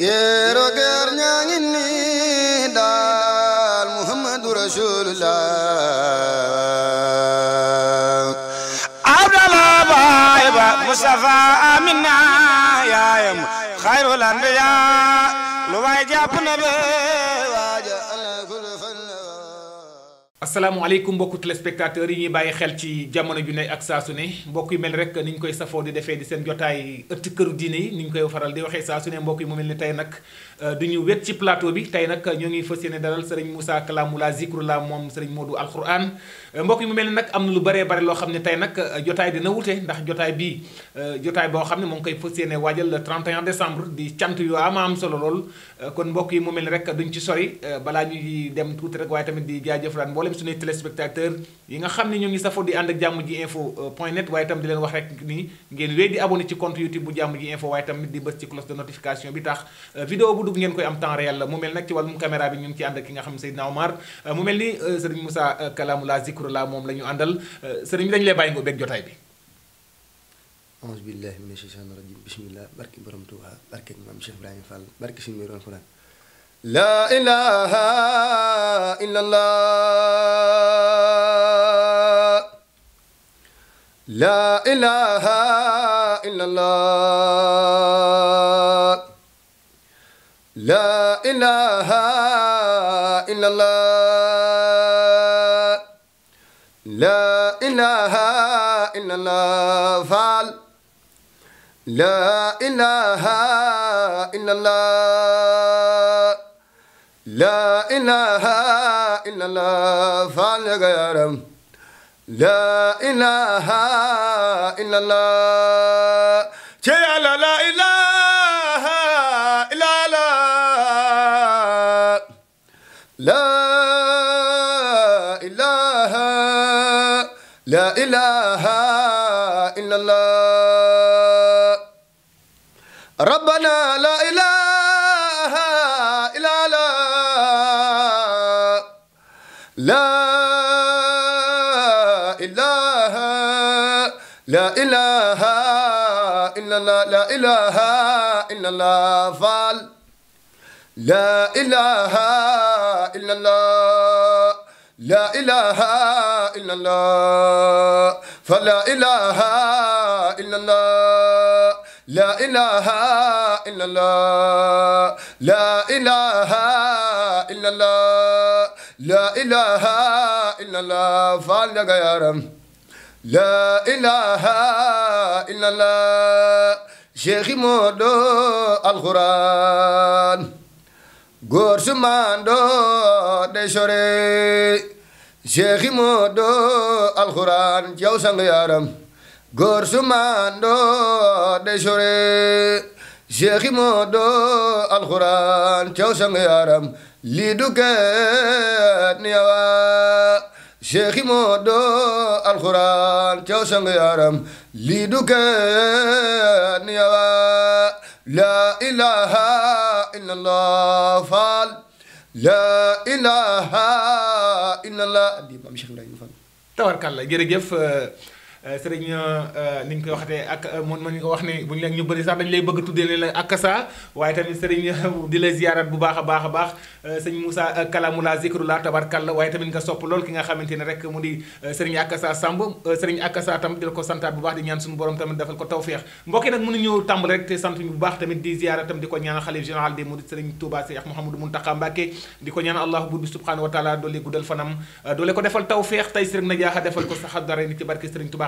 géero géer ñaa ngi nii daal muhammadu rasulullah abdallah baay ba mustafa amina yaayam xayrul anbiya lu waay jàpp na bee asalaamualeykum mbokku téléspectateurs yi ñuy bàyyi xel ci jamono ju ne ak saa su ne mbokk yu mel rek ni ñu koy safoo di defee di seen jotaay ëtt këru diine yi ni ñu koy faral di waxee saa su ne mbokk yi mu mel ni tey nag euh, du ñu wet ci plateau bi tey nag ñoo ngi fas yéene dalal sëriñ Moussa Kalamoullah Zikroulah moom sëriñ Modou Al Khourane mbokk yi mu mel ni nag am na lu baree bare loo xam ne tey nag euh, jotaay dina wute ndax jotaay bii euh, jotaay boo xam ne moo ngi koy fas yéene waajal le 31 décembre di cant yu am am solo lool euh, kon mbokk yi mu mel ni rek duñ ci sori balaa ñuy dem tuuti rek waaye tamit di jaajëfalaat mboolem suñuy téléspectateur yi nga xam ne ñoo ngi safoo di ngeen wéy di abonné ci ci cloche de notification bi tax vidéo bu dugg ngeen koy am temps réel la mu mel bi ñu ngi ci astaghfirullah moom la ñu àndal euh, sëriñ bi dañu lay bàyyi nga beeg jotaay bi aouzu la ilaha illallah illallah faal la ilaha illallah la ilaha illallah faal yaga yaram la ilaha illallah ce yàlla la ilaha ربنا لا إله إلا لا لا إله لا إله إلا الله لا إله إلا الله فال لا إله إلا الله لا إله إلا الله فلا إله إلا الله لا إله إلا الله لا إله إلا الله لا إله إلا الله فعلك يا رب لا إله إلا الله شيخ مودو القرآن góor su maandoo day sore Cheikh Modou alxuraan jaw sang yaaram góor su maandoo day sore seexi moo doo alxuraan caw sang yaaram lii du keet ni yawaa seexi moo doo alxuraan caw sang yaaram lii du keet ni yawaa laa ilaaha illallah faal laa ilaaha illallah di maam Cheikh Ibrahima Fall tabarkàlla jërëjëf Euh, sëriñ euh, euh, ni ñu koy waxatee ak man ma ñu ko wax ne bu ñu leen ñu bari sax dañu lay bëgg tuddee ne la ak saa waaye tamit sëriñ di la ziarat bu baax a baax a baax sëñ Moussa Kalamula Zikrullah tabarkalla waaye tamit nga sopp lool ki nga xamante ne rek mu di sëriñ ak saa Samb sëriñ ak saa tamit di la ko santaat bu baax di ñaan suñu borom tamit defal ko tawféex mbokk yi nag mënuñu tàmbali baax tamit di ko ñaanal xalif général des mourides sëriñ Touba Cheikh Mouhamadou Mountakha doole guddal fanam doole ko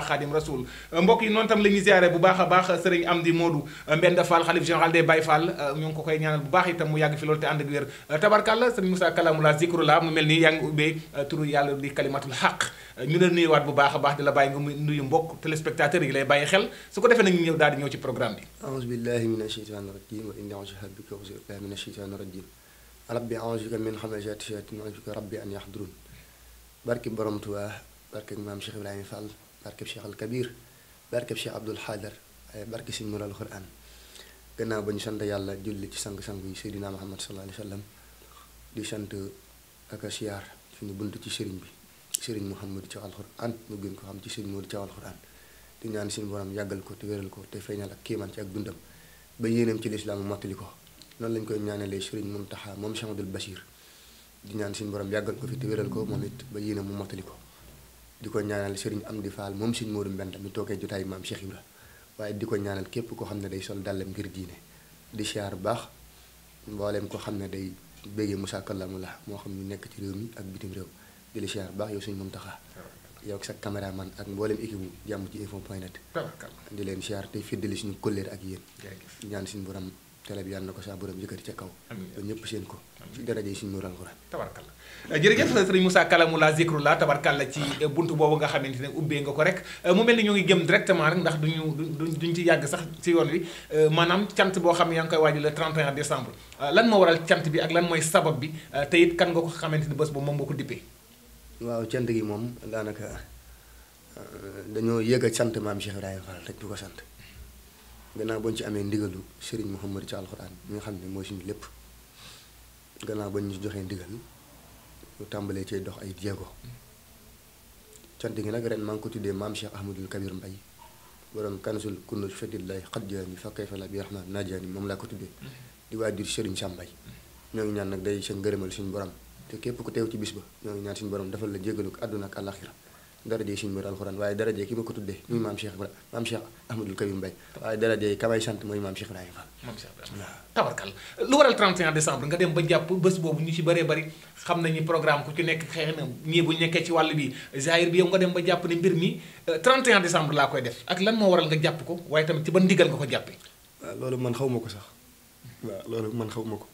xaadim rasul mbokk yi noonu tam la ñuy ziare bu baax a baax sëriñ Amdi Modou Mbenda Fall xalif général des Baye Fall ñoo ngi ko koy ñaanal bu baax itam mu yàgg fi loolu te ànd ak wér tabarkàlla sëriñ Moussa Kalamula zikrullah mu mel nii yaa ngi ubbee uh, turu yàlla di kalimatul xaq uh, ñu leen nuyuwaat bu baax a baax di la bàyyi nga mu nuyu mbokk téléspectateurs yi lay bàyyi xel su ko defee nag ñëw daal di ñëw ci programme bi aouzu billahi mina sheytaani rajim wa barkeb Cheikh al Kabir barkeb Cheikh Abdul Xaadar barke si Nuur al ba ñu sant yàlla julli ci sang-sang yi Seydina Muhammad sallallahu alayhi sant ak a siyaar suñu ci sëriñ bi sëriñ Mouhamadou Thiaw al Quran ñu gën ko xam ci sëriñ Modou di ñaan suñu borom yàggal ko te wéral ko te feeñal ak kéemaan ci ak dundam ba yéenam ci lislaam mottali ko noonu lañ koy ñaanalee mun Muntaxa moom Cheikh Abdul Bachir di ñaan suñu borom yàggal ko fi te wéral ko moom it ba yéenam mu mottali ko di ko ñaanal Serigne di faal moom Serigne Modou Mbenda mi toogee jotaay maam Cheikh la waaye di ko ñaanal képp koo xam ne day sol dàllam ngir diine di siyaar baax mbooleem ko xam ne day béggee Moussa Kallamu la moo xam ñu nekk ci réew mi ak bitim réew di la siyaar baax yow Serigne Mountakha yow ak sa caméraman ak mboolem équipe bu ci info point net di leen siyaar te fiddali suñu kolleer ak yéen ñaan suñu borom télé bi yàlla na ko saa borom yëkkati ca kaw ba ñëpp seen ko ci daraja yi suñu nuur alxuraan tabarkalla jërëjëf sëriñ Moussa Kalamu la zikru la tabarkalla ci eh, buntu boobu nga xamante ne ubbee nga ko rek eh, mu mel ni ñoo ngi gëm directement rek ndax du duñu duñ duñ ci yàgg sax ci yoon wi eh, maanaam cant boo xam ne yaa ngi koy waajal le 31 décembre lan moo waral cant bi ak lan mooy sabab bi te it kan nga ko xamante ni bés ba moom nga ko dippee waaw cant gi moom daanaka dañoo yëg a sant maam Cheikh Ibrahima Fall sant gannaaw ba ci amee ndigalu Serigne Mouhamadou ci alxuraan mi nga xam ne mooy suñu lépp gannaaw ba ñu joxee ndigal ñu tàmbalee cee dox ay jéego cant gi nag ren maa ngi ko tuddee maam Cheikh Ahmadul Kabir Mbaye borom kansul kunut fetillahi xadjaani fa kayfa la bi rahmaan najaani moom laa ko tuddee di waajur Serigne Sàmbay ñoo ngi ñaan nag day sa ngërëmal suñu borom te képp ku teew ci bis ba ñoo ngi ñaan suñu borom defal la jégalu àdduna ak àlaxira daraje suñu mbër alxuraan waaye daraje ki ma ko tuddee muy maam Cheikh Ibrahima maam Cheikh Ahmadul Kabim Mbaye waaye daraje kamay sant mooy maam Cheikh Ibrahima Fall. maam Cheikh Ibrahima tabarkal lu waral 31 décembre nga dem ba jàpp bés boobu ñu ci bëree bëri xam nañu programme ku ci nekk xëy na ñii bu ñu nekkee ci wàll bi Zahir bi yow nga dem ba jàpp ne mbir mi 31 euh, décembre laa koy def ak lan moo waral nga jàpp ko waaye tamit ci ban ndigal nga ko jàppee. waaw loolu man xaw ma ko sax waaw loolu man xaw ma ko.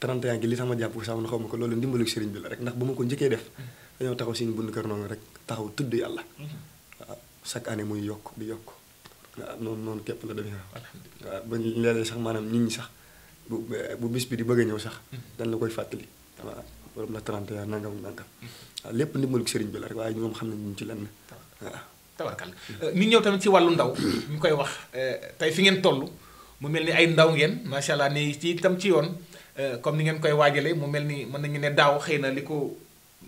31 euh, gi li tax ma jàpp ko sax man xaw ma ko loolu ndimbalu sëriñ bi la rek ndax ba ma ko njëkkee def hmm. dañoo taxaw suñu bunt kër noonu rek taxaw tudd yàlla. waaw mm-hmm. ah, chaque année muy yokk di yokk waaw ah, noonu noonu képp la demee waaw ah, ba léeg-léeg sax maanaam nit ñi sax bu bu bis bi di bëgg a ñëw sax mm-hmm. dañ la koy fàttali waaw borom la 31 nangam nangam waaw mm-hmm. lépp ndimbalu sëriñ bi la rek waaye ñoom xam nañ ñu ci lenn waaw. Euh, ñëw tamit ci wàllu ndaw ñu koy wax euh, tey fi ngeen toll mu mel ni ay ndaw ngeen macha allah ni ci itam ci yoon euh, comme ni ngeen koy waajalee mu mel ni mën nañu ne daaw xëy na li ko.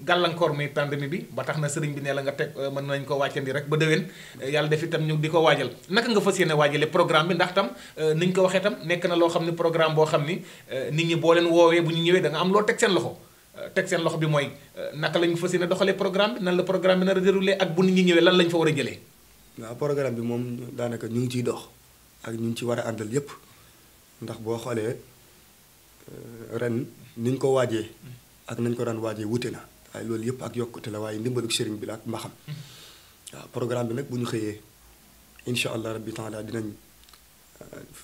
gàllankoor muy pandémie bi ba tax na sëriñ bi nee la nga teg euh, mën nañ ko wàccandi rek ba déwén euh, yàlla def itam ñu di ko waajal naka nga fas yéene waajale programme bi ndax tam euh, ni ñu ko waxee tam nekk na loo xam ni programme boo xam ni nit ñi boo leen woowee bu ñu ñëwee da nga loo teg seen loxo teg seen loxo bi mooy naka la ñu fas yéene doxalee programme nan la programme bi nar ak bu nit ñi ñëwee lan la ñu a jëlee. waaw programme bi moom daanaka ñu ngi ciy dox ak ñu ngi ci war a àndal yépp ndax boo xoolee ren ni ko waajee ak nañ ko daan waajee wute na waaye loolu yëpp ak yokkute la waaye ndimbalu sëriñ bi la ak mbaxam waaw programme bi nag bu ñu xëyee incha allah rabbi taala dinañ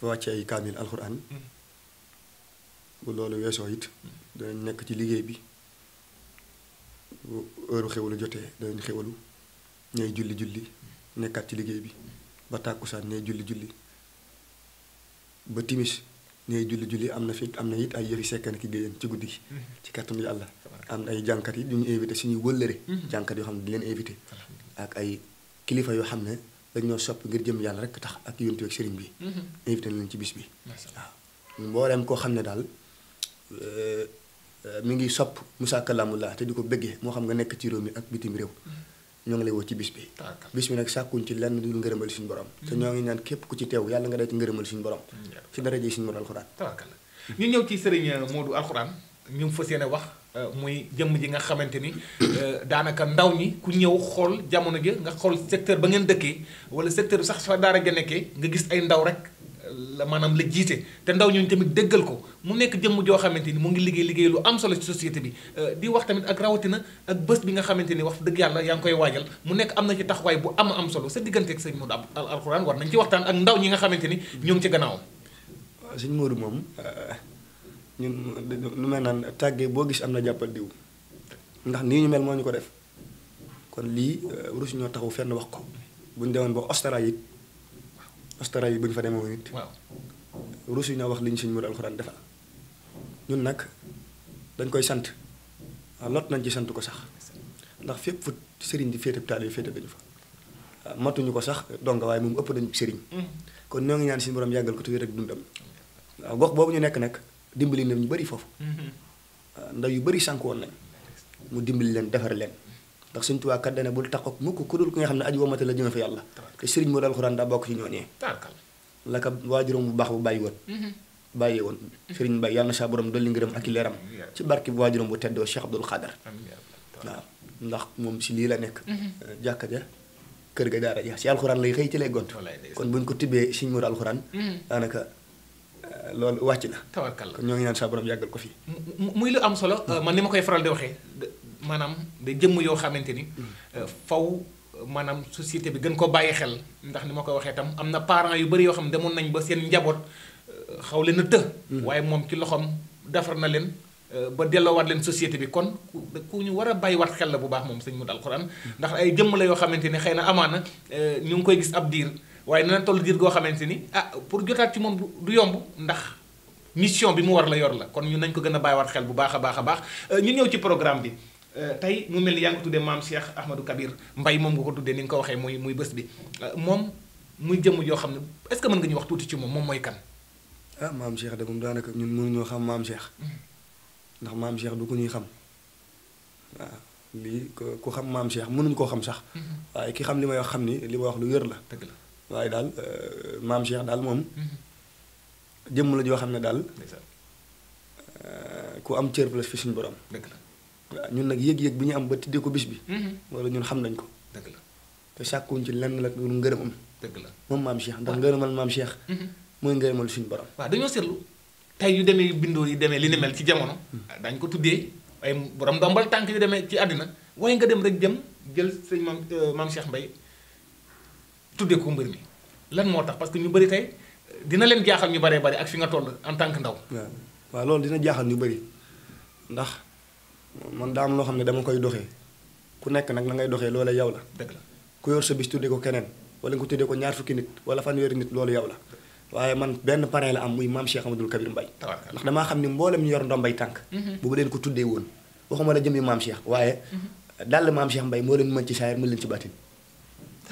euh, ay kaamil alxuraan bu loolu weesoo it danañ nekk ci liggéey bi bu heure xewalu jotee danañ xewalu ñooy julli julli nekkaat ci liggéey bi ba tàkkusaan ñooy julli julli ba timis ñooy julli julli am na fi am na it ay yëfi sekkan ki géyeen ci guddi gi mm-hmm. ci kàttanu yàlla am na ay jànkat yi ñu invité suñuy wëllëre mm-hmm. jànkat yoo xam ne di leen invité ak ay kilifa yoo xam ne dañoo sopp ngir jëm yàlla rek tax ak yontu ak sëriñ bi mm-hmm. invité nañ leen ci bis bi waaw mbooleem koo xam ne daal euh, euh, mi ngi sopp Moussa Kalamoullah te di ko bëggee moo xam nga nekk ci réew mi ak bitim réew ñoo ngi lay woo ci bis bi bis bi nag sàkkuñ ci lenn du ngërëmal suñu borom mm-hmm. te ñoo ngi ñaan képp ku ci teew yàlla nga day ci ngërëmal ñu borom ci dara ji suñu borom alxuraan ñu ñëw ci sëriñ euh, Modou alxuraan ñu fas yéene wax euh, muy jëmm ji nga xamante ni euh, daanaka ndaw ñi ku ñëw xool jamono ji nga xool secteur ba ngeen dëkkee wala secteur sax fa daara ja nekkee nga gis ay ndaw rek la maanaam la jiite te ndaw ñooñu tamit dëggal ko mu nekk jëmm joo xamante ni mu ngi liggéey liggéey lu am solo ci société bi euh, di wax tamit ak rawatina ak bës bi nga xamante ni wax dëgg yàlla yaa ngi koy waajal mu nekk am na ci taxawaay bu am am solo sa diggante ak sëñ Modou al alxuraan war nañ ci waxtaan ak ndaw ñi nga xamante ni ñoo ngi ci gannaawam. waaw sëñ Modou moom euh, ñun lu mel naan tàggee boo gis am na jàppal diw ndax nii ñu mel moo ñu ko def kon lii euh, rus ñoo taxaw fenn wax ko buñ demoon ba Australie it Australie yi bu ñu fa demoo it. waaw ruus yi ñoo wax li ñu suñu mbiru alxuraan defal ñun nag dañ koy sant waaw ah, lot nañ ci sant ko sax ndax fépp fu sëriñ di féeteb taal yi féeteb dañu fa. Ah, matuñu ko sax donc waaye moom ëpp nañu sëriñ mm-hmm. kon ñoo ngi ñaan si borom yàggal ko tuuti rek dundam waaw ah, gox boobu ñu nekk nag dimbali na ñu bëri foofu mm-hmm. ndaw yu bëri sànk woon nañ mu dimbali leen defar leen ndax Sëriñ Tuubaa kat dane bul taxaw mukk ku dul ki nga xam ne aju womate la jëme fa yàlla te sëriñ moo daal alxuraan daa bokk ci ñooñee la ko waajuram bu baax bu bàyyi woon mhm. bàyyi woon mhm. sëriñ Mbay yàlla na saa borom dolli ngërëm ak i leeram ci barki bu waajuram bu teddoo Cheikh Abdoul Khadar waaw ndax moom si lii la nekk mhm. euh, jàkka ja kër ga daara ja si alxuraan lay xëy ci lay gont kon buñ ko tibbee Sëriñ Moodu alxuraan daanaka euh, loolu wàcc na kon ñoo ngi naan saa maanaam da jëmm yoo xamante ni euh, faw euh, maanaam societé bi gën ko bàyyi xel ndax ni ma ko waxee tam am na parents yu bëri yoo xam ne demoon nañ ba seen njaboot euh, xaw leen a të mm-hmm. waaye moom ci loxoom defar na leen ba delloowaat leen société bi kon ku ñu war a bàyyiwaat xel la bu baax moom sañ mu dal Quran ndax ay jëmm la yoo xamante ni xëy na amaana ñu ngi koy gis ab diir waaye dina toll diir goo xamante ni ah pour jotaat ci moom du yomb ndax mission bi mu war la yor la kon ñu nañ ko gën a bàyyiwaat xel bu baax a baax a baax ñu ñëw ci programme bi Euh, tey mu mel ni yaa ngi ko tuddee maam Cheikh Ahmadou Kabir mbay moom nga ko tuddee ni nga ko waxee muy muy bés bi euh, moom muy jëmm yoo xam ne est-ce que mën nga wax tuuti ci moom moom mooy kan. ah maam moom daanaka ñun mënuñoo xam maam Cheikh mm-hmm. ndax maam Cheikh du ko ñuy xam waaw mënuñ koo xam sax. Mm-hmm. waaye ki xam li ni li wax lu wér la. dëgg la waaye daal euh, maam Cheikh daal moom. Mm-hmm. jëmm la joo xam ne daal. ku am cër la fi suñu borom. ñun nag yëg-yëg bi ñu am ba tuddee ko bis bi. Mhm. loolu ñun xam nañ ko. dëgg la te sàkkuñ ci lenn la lu ngërëm am. dëgg la moom maam Cheikh ndax ngërëmal maam Cheikh. Mhm. mooy ngërëmal suñ borom. waa dañoo seetlu tey yu demee bindoo yi demee li ne mel ci jamono. Mhm. dañ ko tuddee ay borom ndombal tànk yu demee ci àddina waaye nga dem rek dem jël sëñ maam euh, maam Cheikh Mbaye tuddee ko mbir mi lan moo tax parce que ñu bëri tey dina leen jaaxal ñu bëree bëri ak fi nga toll en tant que ndaw. waa loolu dina jaaxal ñu bëri ndax man daa am loo xam ne dama koy doxee ku nekk nag na ngay doxee loola yow la. dëgg la ku yor sa bis tuddee ko keneen wala nga tuddee ko ñaar fukki nit wala fanweeri nit loolu yow la waaye man benn parrain la am muy maam Cheikh Amadou Kabir Mbaye ndax damaa xam ni mboolem yor ndombay tànk. Mhm. bu ma leen ko tuddee woon waxuma la jëmmi maam Cheikh waaye. Mhm. dàll maam Cheikh Mbaye moo leen mën ci saayir mën leen ci baatin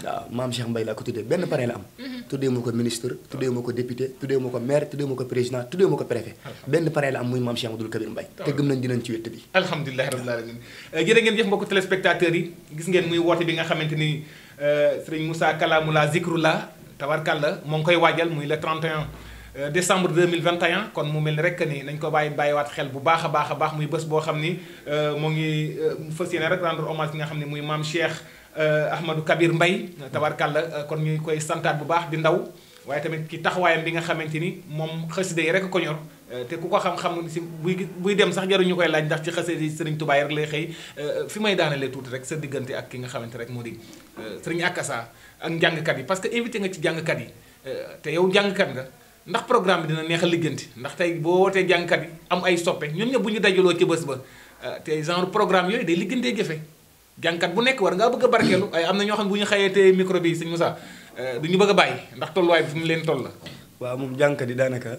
waaw maam Cheikh Mbaye laa ko tuddee benn parrain la am. Mhm. tuddee ma ko ministre tuddee ma ko député tuddee ma ko maire tuddee ma ko président tuddee ma ko préfet. benn parrain la am muy maam Cheikh Abdoul Kabir te gëm nañ dinañ ci wett bi. alhamdulilah rabbil alamin euh, jërë ngeen jëf mbokku téléspectateurs yi gis ngeen muy woote bi nga xamante ni euh, sëriñ Moussa Kalamoula Zikrullah tabarkalla moo ngi koy waajal muy le 31. Euh, décembre 2021 kon mu mel ni rek ni nañ ko bàyyi bàyyi bàyyiwaat xel bu baax a baax a baax muy bés boo xam ni moo ngi fas yéene rek nga xam ne muy maam Cheikh Euh, Ahmadou Kabir Mbaye tabarkàlla euh, kon ñu koy santaat bu baax di ndaw waaye tamit ki taxawaayam bi nga xamante ni moom xasida yi rek ko ñor euh, te ku ko xam-xam si buy buy dem sax jaruñu koy laaj ndax ci xasida yi sëriñ Tuubaa rek lay xëy fi may daanalee tuuti rek sa diggante ak ki xamante rek moo di sëriñ Akassa ak njàngkat yi parce que invité nga ci jàng kat yi te yow jàngkat nga ndax programme bi dina neex a ligganti ndax tey boo wootee jàngkat yi am ay soppe ñoom ñëpp bu ñu dajaloo ci bés ba te genre programme yooyu day liggantee jafe jànkat bu nekk war ngaa bëgg a barkeelu ay am na ñoo xam ne bu ñu xayatee micro bi sëñ Moussa euh, du ñu bëgg a bàyyi ndax tolluwaay bi fu mu leen toll la. waaw moom jànkat yi daanaka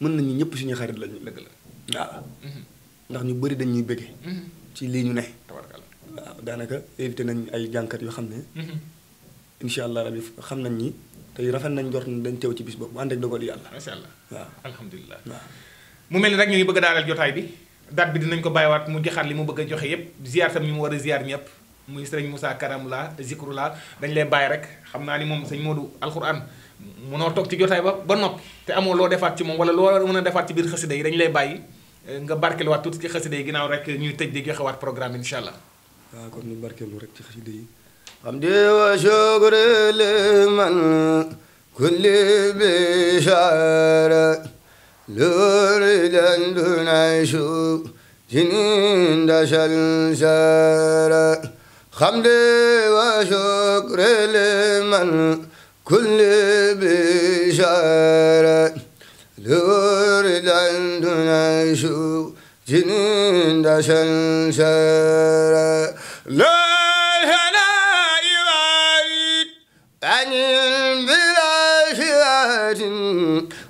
mën nañu ñëpp suñu xarit lañu. dëgg la waaw mhm. ndax ñu bëri dañuy bëgge mhm. ci lii ñu ne. waaw daanaka évité nañ ay jànkat yoo xam ne. Mhm. incha allah rabi xam nañ ñi te rafet nañ jort ni dañ teew ci bis boobu mu ànd ak dogal yàlla. macha allah waaw mu mel ni rek ñu ngi bëgg a jotaay bi. date bi dinañ ko bàyyiwaat mu joxaat li mu bëgg a joxe yépp ziar tam ñu mu war a ziar ñëpp muy sëriñ Moussa Karamula Zikrula dañ lay bàyyi rek xam naa ni moom sëñ Modou alxuraan munoo toog ci jotaay ba ba noppi te amoo loo defaat ci moom wala loo mën a defaat ci biir xasida yi dañ lay bàyyi eh, nga barkeluwaat tuuti ci xasida yi ginnaaw rek ñuy tëj di joxewaat programme incha allah. waaw ah, kon ñu barkeelu rek ci xasida yi. am di wa shukri liman kulli bishara lëërilandunay suuf jinin dasal sara xamde wa shukrele man kulli bishara lëërilandunay suuf jinin dasal sara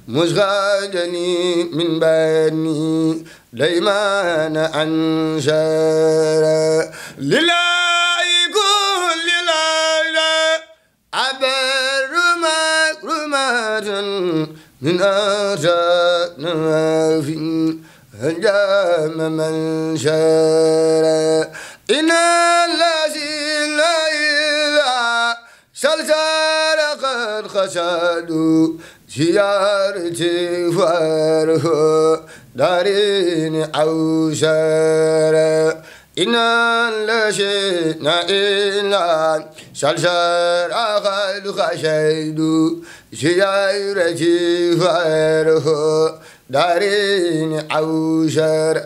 مزغاجني من بني ديمان أنشر لله كل ليلة عبر مكرمات من أرجاء في هجام من شر إن الذي لا إله سلسل الخشاد زيارتي فاره دارين أو سار إنا لشئنا إلا سلسل أخذ خشيد زيارتي فاره دارين أو سار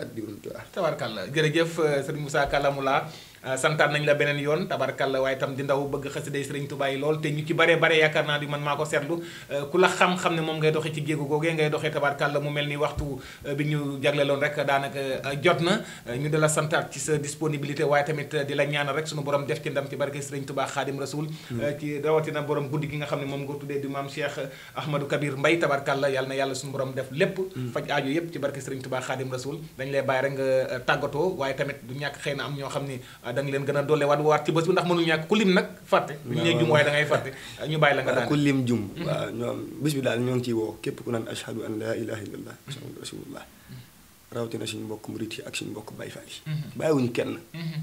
tabarkàlla jërëjëf sëriñ Moussa Kalamoula Euh, santaan nañ la beneen yoon tabarkalla waaye itam di bëgg xasiday sëriñ Tuubaa yi lool te ñu ci bare bare yaakaar naa di man ko seetlu euh, ku la xam-xam ne doxee ci géegu googee ngay doxee tabarkalla mu mel ni waxtu euh, bi ñu rek daanaka jot na ñu di la santaat ci sa disponibilité waaye tamit di la ñaanal rek sunu borom def ci ndam ci barke sëriñ Tuubaa Xaadim Rasul mm. ci rawatina borom guddi gi nga xam ne moom nga tuddee di maam Cheikh Ahmadou Kabir Mbaye tabarkalla yàlla na yàlla sunu borom def lépp mm. faj aajo yépp ci barke sëriñ Tuubaa Xaadim Rasul dañ lay bàyyi rek nga tàggatoo tamit du ñàkk xëy na am ñoo xam ni ah da nga leen gën a dolle waat waat ci bés bi ndax mënuñu ñàkk ku lim nag fàtte buñu nee jum waaye da ngay fàtte ah, ñu bàyyi la nga daan ku lim jum mm-hmm. waaw ñoom bés bi daal ñoo ngi ciy woo képp ku naan ashhadu an laa ilaha illallah muhammadur rasulullah mm-hmm. rawatina suñu mbokk murit yi ak suñu mbokk Baay Faal yi mm-hmm. bàyyiwuñu kenn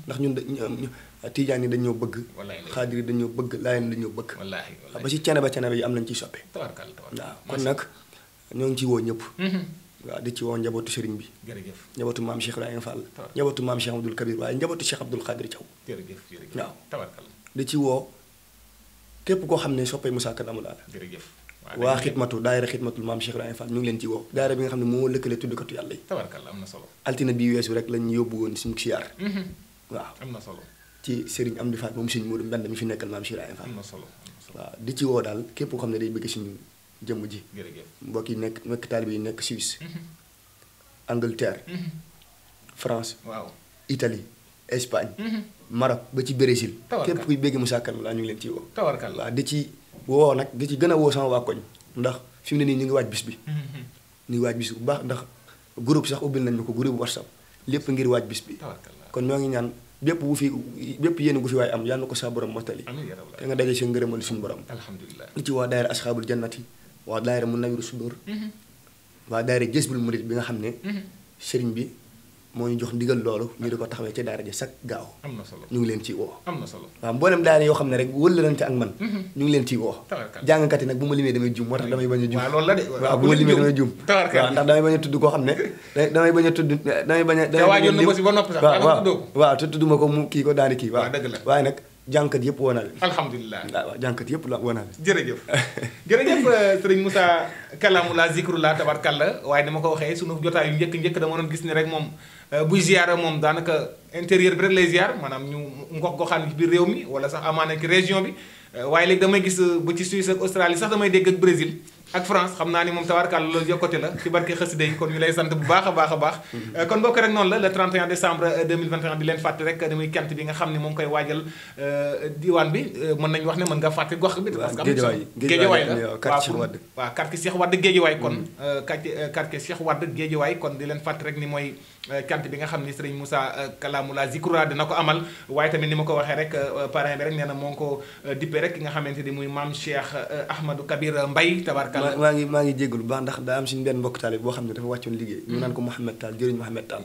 ndax ñun dañu tijaan yi dañoo bëgg xaadir yi dañoo bëgg laayeen dañoo bëgg ba ci cene ba cene ba yi am nañ ciy soppe waaw kon nag ñoo ngi ciy woo ñëpp waaw di ci woo njabootu sëriñ bi. jërëjëf njabootu maam Cheikh Ibrahima Fall. waaw njabootu maam Cheikh Abdoul Kabir waaye njabootu Cheikh Abdoul Khadir Thiaw. jërëjëf jërëjëf waaw tabarkalla di ci woo képp koo xam ne soppay Moussa Ka Damou Daal. jërëjëf waa xidmatu daayira xidmatul maam Cheikh ñu moo lëkkale tuddkatu mhm. mi fi nekkal maam Cheikh am na solo waaw di ci woo daal képp koo xam ne day bëgg suñu jëmm ji. mbokk yi nekk nekk taalibe yi nekk Suisse. Mhm. Angleterre. Mhm. France. waaw Italie Espagne. Mhm. Maroc ba ci Brésil. képp kuy bégg Moussa Kane laa ñu ngi leen ciy woo. tawarkal waaw di ci woo nag di ci gën a woo sama waa koñ ndax fi mu ne nii ñu ngi waaj bis bi. ñu ngi waaj bis bi. kon ñoo ngi ñaan. bépp bu fi bépp yéen gu fi waaye am yàlla na ko saa borom mottali te nga daje seen ngërëmal suñu borom alhamdulilah ci waa daayira asxaabul jannati waa daayira mu nawiru sudur waa daayira Jazbul Murid bi nga xam ne mhm. sëriñ bi moo ñu jox ndigal loolu ñu di ko taxawee ci daara ji chaque gaaw am na solo ñu ngi leen ci woo am na solo waaw mboolem daara yoo xam ne rek wëllalante ak man mhm. ñu ngi leen ciy woo jàngkat yi nag bu ma limee damay juum moo tax damay bañ a juum waaw loolu la de waaw bu ma limee damay juum waaw ndax damay bañ a tudd koo xam ne damay bañ a tudd damay bañ a waaw waaw te tudduma ko mu kii ko daani kii waaw waaye nag jànkat yëpp woo naa leen. alhamdulilah ah, waaw jànkat yëpp la woo naa leen. jërëjëf jërëjëf euh, sëriñ Moussa Kalamoullah Zikroulah tabarkalla waaye dama ko waxee sunu jotaay yu njëkk njëkk dama doon gis nii rek moom euh, buy ziara moom daanaka intérieur bi rek lay ziar maanaam ñu ngox goxaan ci biir réew mi wala sax amaana ci région bi euh, waaye léegi damay gis bu ci Suisse ak Australie sax damay dégg ak Brésil. ak France xam naa ni moom tabarkàlla loolu yokkute la ci barke xasida yi kon ñu lay sant bu baax a baax a baax mm-hmm. kon bokk rek noonu la euh, euh, euh, wax ne mën nga fàtte gox bi parce que la waaw quartier Cheikh Wade géejawaay kon mm-hmm. quartier quartier Cheikh Wade géejawaay di leen fàtte rek ni mooy kant bi nga xam ni sëriñ Moussa Kalamoula Zikroura dina ko amal waaye tamit ni ma ko waxee rek parrain bi rek nee na moo ngi ko dippe rek ki nga xamante ni muy maam Cheikh Ahmadou Kabir Mbaye tabarka maa ngi maa ngi jégalu baax ndax daa am suñu benn mbokk taal boo xam ne dafa wàccoon liggéey ñu mm-hmm. naan ko Mouhamed Tall jëriñ Mouhamed Tall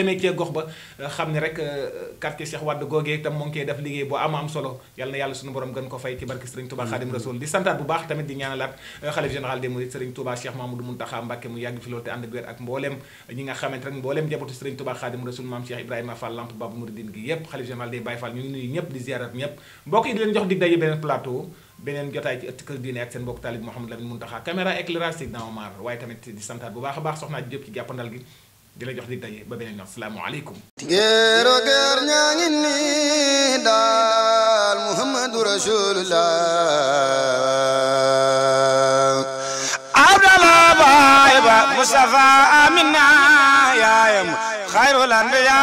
demee cee gox ba euh, xam ne rek euh, quartier Cheikh Wade googee itam moo ngi koy def liggéey bu am am solo yal na yàlla suñu borom gën ko fay ci barke Serigne Touba Khadim tamit di santaat bu baax a baax soxnaa ji Jóob ci jàppandal gi di la jox di daje ba beneen asalaamaaleykum. géero géer ñaa ngi nii daal Muhammadu Rasulullah Abdallah baay ba Mustafa Amina yaayam xayrul anbiya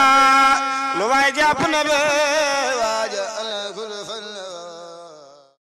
lu waay jàpp na bee